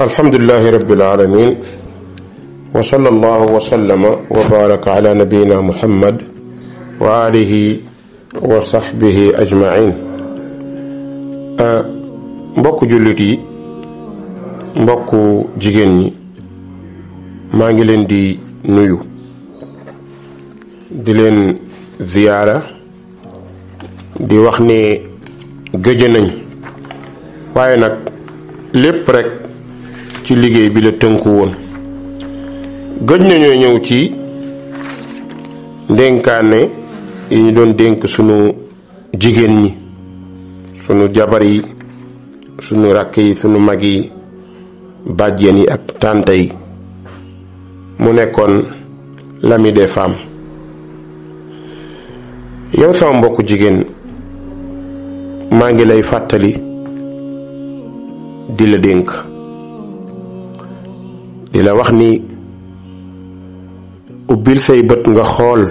alhamdulilahi rabbil alamin wa sallallahu wa sallama wa baraka ala nabiyina muhammad wa alihi wa sahbihi ajmain ah, mbokk jullit mbokk jigéen ñi maa ngi leen di nuyu di leen ziyaara di wax ne gëj nañ waaye nag lépp rek ci liggéey bi la tënku woon gëj nañoo ñëw ci ndénkaane yi ñu doon dénk sunu jigéen ñi sunu jabar yi sunu rakk yi sunu mag yi bàjjeen yi ak tànta yi mu nekkoon l'ami des femmes yow sama mbokku jigéen maa ngi lay fàttali di la dénk di la wax ni ubbil say bët nga xool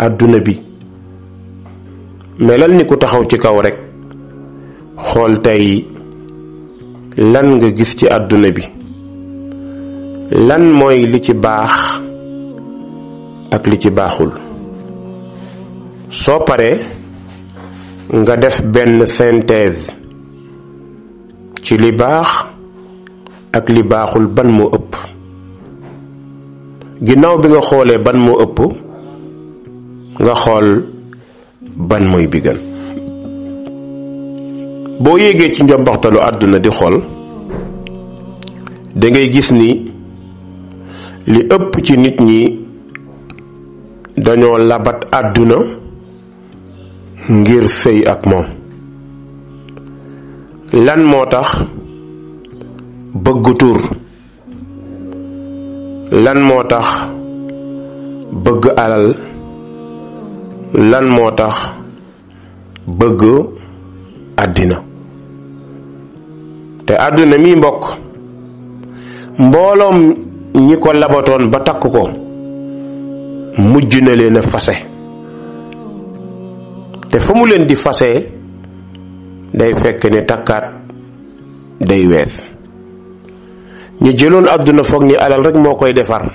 àdduna bi melal ni ku taxaw ci kaw rekk xool tey lan nga gis ci àdduna bi lan mooy li ci baax ak li ci baaxul soo paree nga def benn synthèse ci li baax ak li baaxul ban moo ëpp ginnaaw bi nga xoolee ban moo ëpp nga xool ban mooy bi boo yéegee ci njombaxtalu àdduna di xool dangay gis ni li ëpp ci nit ñi dañoo labat àdduna ngir sëy ak moom lan moo tax bëgg tur lan moo tax bëgg alal lan moo tax bëgg àddina te àdduna mi mbokk mbooloom ñi ko labatoon ba takk ko mujj na leen a fase te fa mu leen di fase day fekk ne takkaat day wees ñu jëloon àdduna foog ni alal rek moo koy defar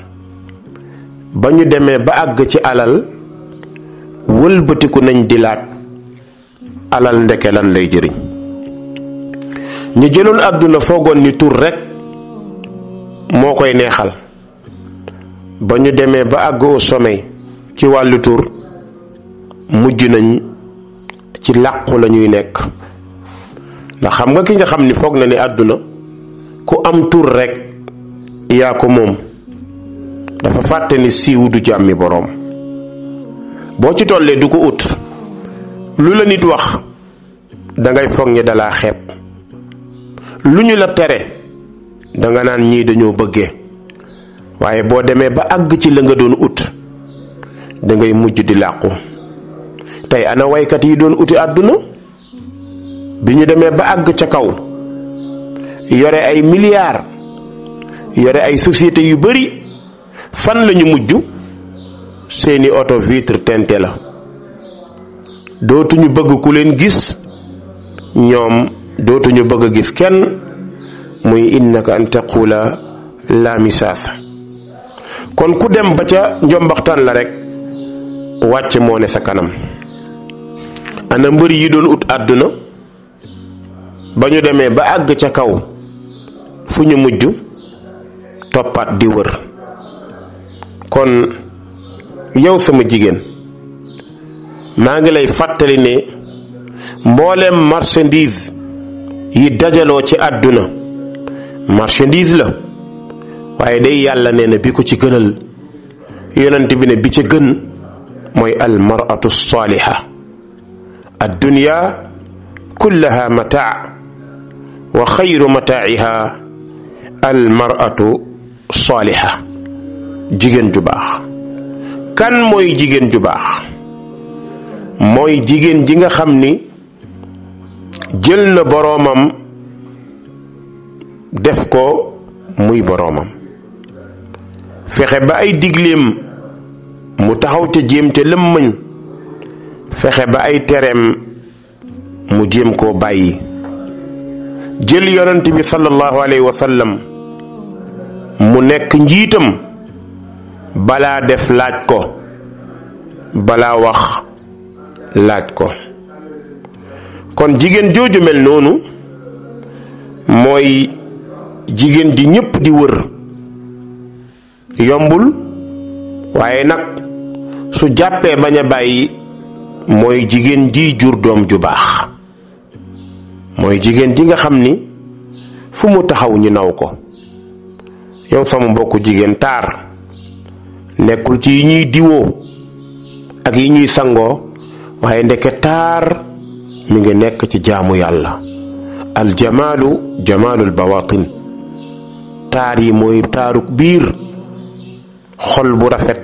ba ñu demee ba àgg ci alal wëlbatiku nañ di laat alal ndeke lan lay jëriñ ñu jëloon àdduna foogoon ni tur rek moo koy neexal ba ñu demee ba àgg au sommet ci wàllu tur mujj nañ ci làqu la ñuy nekk ndax xam nga ki nga xam ni foog na ni àdduna ku am tur rekk yaa ko moom dafa fàtte siiw du jàmmi boroom boo ci tollee du ko ut lu la nit wax dangay foog ñi dalaa xeeb lu ñu la tere danga naan ñii dañoo bëggee waaye boo demee ba àgg ci la nga doon ut dangay mujj di làqu tey ana waykat yi doon uti àdduna bi ñu demee ba àgg ca kaw yore ay milliards yore ay sociétés yu bëri fan lañu mujj seeni oto vitre teintée la dootuñu bëgg ku leen gis ñoom dootuñu bëgg a gis kenn muy innaka an taqula la misaas kon ku dem ba ca njombaxtaan la rekk wàcce moo ne sa kanam ana mbër yi doon ut àdduna ba ñu demee ba àgg ca kaw fu ñu mujj toppaat di wër kon yow sama jigéen maa ngi lay fàttali ne mboolem marchandise yi dajaloo ci àdduna marchandise la waaye day yàlla nee na bi ko ci gënal yonent bi ne bi ci gën mooy almaratu saaliha ad dunya kullaha mataa wa xayru mataa'iha almaratu saaliha jigéen ju baax kan mooy jigéen ju baax mooy jigéen ji nga xam ni jël na boroomam def ko muy boroomam fexe ba ay digleem mu taxaw ca jéem ca lëm fexe ba ay tereem mu jéem koo bàyyi jël yonent bi sallallahu alayhi wa mu nekk njiitam balaa def laaj ko balaa wax laaj ko kon jigéen jooju mel noonu mooy jigéen ji ñépp di wër yombul waaye nag su jàppee bañ a bàyyi mooy jigéen ji jur doom ju baax mooy jigéen ji nga xam ni fu mu taxaw ñu naw ko yow sama mbokku jigéen taar nekkul ci yi ñuy diwoo ak yi ñuy sangoo waaye ndekke taar mu ngi nekk ci jaamu yàlla al jamaalu jamaalul bawatin taar yi mooy taaru biir xol bu rafet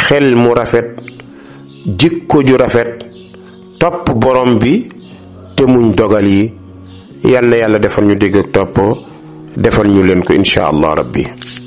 xel mu rafet jikko ju rafet topp borom bi te muñ dogal yi yal yàlla defal ñu dégg ak topp defal ñu leen ko incha allah rabbi